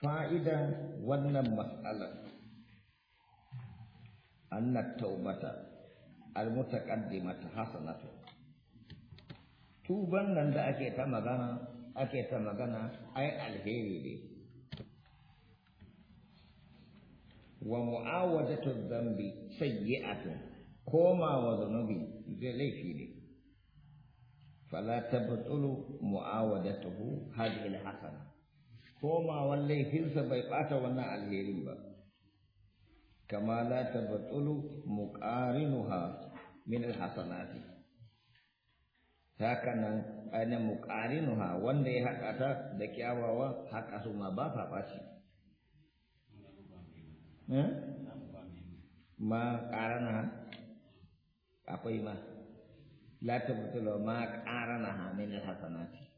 fa'idan wannan mas'alar annat taubata almutaqaddimata hasanatu tuban nan da ake ta magana ake ta magana ai alheri ne wa mu'awadatu dhanbi sayyi'atun wa zunubi zai laifi ne fala tabtulu mu'awadatuhu hadhihi alhasana komawan laifinsa bai ɓata wannan alherin ba kama la batulu muqarinuha min alhasanati haka nan ana muqarinuha wanda ya haɗa ta da kyawawa haka su ma ba ta ɓaci eh? ma ƙarana akwai ma la batulu ma ƙarana min alhasanati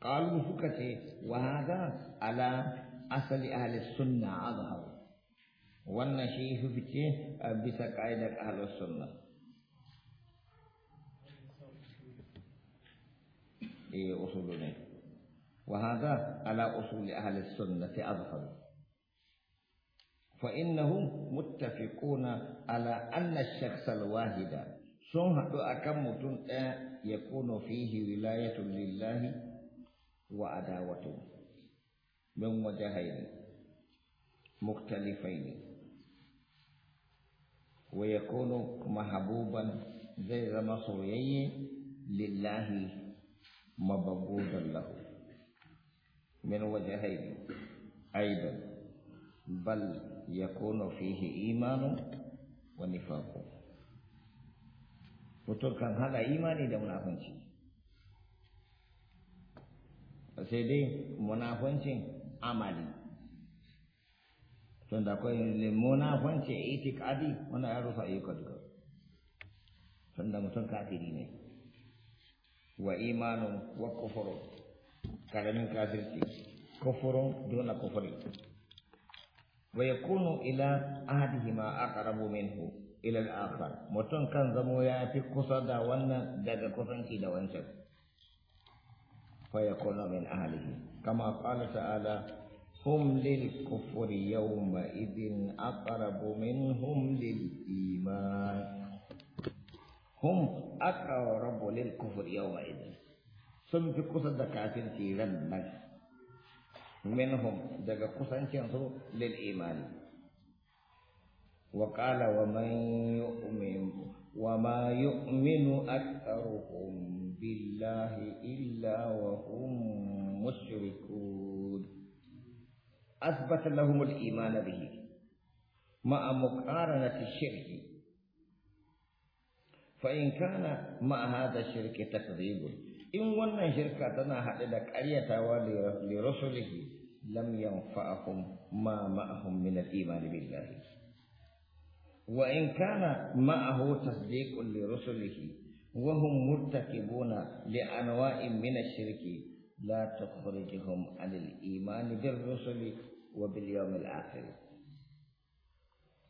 قالوا فكتي وهذا على أصل أهل السنة أظهر والنشيف فكي بسقائد أهل السنة إيه أصولنا وهذا على أصول أهل السنة أظهر فإنهم متفقون على أن الشخص الواحد سنة أكمة يكون فيه ولاية لله وعداوته من وجهين مختلفين ويكون محبوبا زي مصري لله مبغوضا له من وجهين أيضا بل يكون فيه إيمان ونفاق وتركن هذا إيماني دون أفنشي sai dai munafancin amali tun da akwai munafancin itikadi wanda ya rusa ayyuka duka tun da mutum kafiri ne wa imanin wa kufurun karamin kafirci kufurun dole kufuri wa yakunu ila ma aqrabu minhu ila al-akhar mutum kan zamo ya fi kusa da wannan daga kusanci da wancan فيكون من أهله كما قال تعالى هم للكفر يومئذ أقرب منهم للإيمان هم أقرب للكفر يومئذ sun fi kusa da kafirci ran nan minhum daga su lil imani wa qala wa man yu'minu وما يؤمن أكثرهم بالله إلا وهم مشركون أثبت لهم الإيمان به مع مقارنة الشرك فإن كان مع هذا الشرك تكذيب إن ون شركتنا حدد قرية لرسله لم ينفعهم ما معهم من الإيمان بالله وإن كان معه تصديق لرسله وهم مرتكبون لأنواع من الشرك لا تخرجهم عن الإيمان بالرسل وباليوم الآخر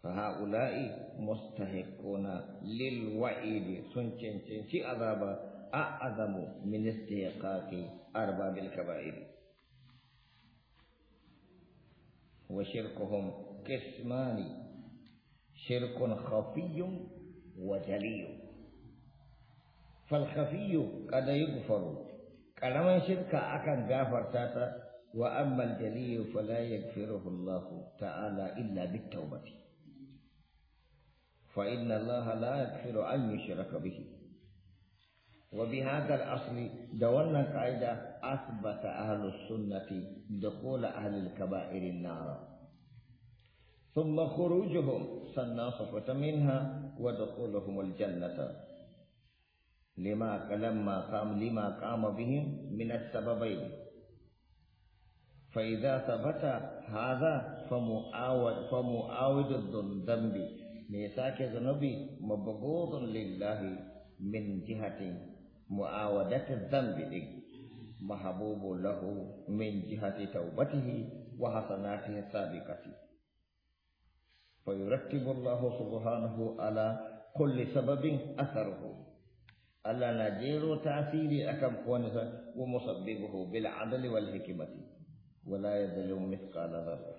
فهؤلاء مستحقون للوعيد سنشن سنشي أذابا أعظم من استحقاق أرباب الكبائر وشركهم قسمان شرك خفي وجلي فالخفي قد يغفر كلام شرك أكن غافر تاتا وأما الجلي فلا يغفره الله تعالى إلا بالتوبة فإن الله لا يغفر أن يشرك به وبهذا الأصل دولنا قاعدة أثبت أهل السنة دخول أهل الكبائر النار ثم خروجهم صفة منها ودخولهم الجنة لما لما قام لما قام بهم من السببين فإذا ثبت هذا فمؤاود فمؤاود الذنب ميثاق ذنبي مبغوض لله من جهة معاودة الذنب محبوب له من جهة توبته وحسناته السابقة فيرتب الله سبحانه على كل سبب أثره ألا نجير تأثير أكم كونها ومسببه بالعدل والحكمة ولا يظلم مثقال ذرة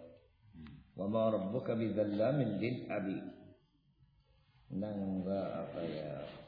وما ربك بذلام للأبي ننظر أطيار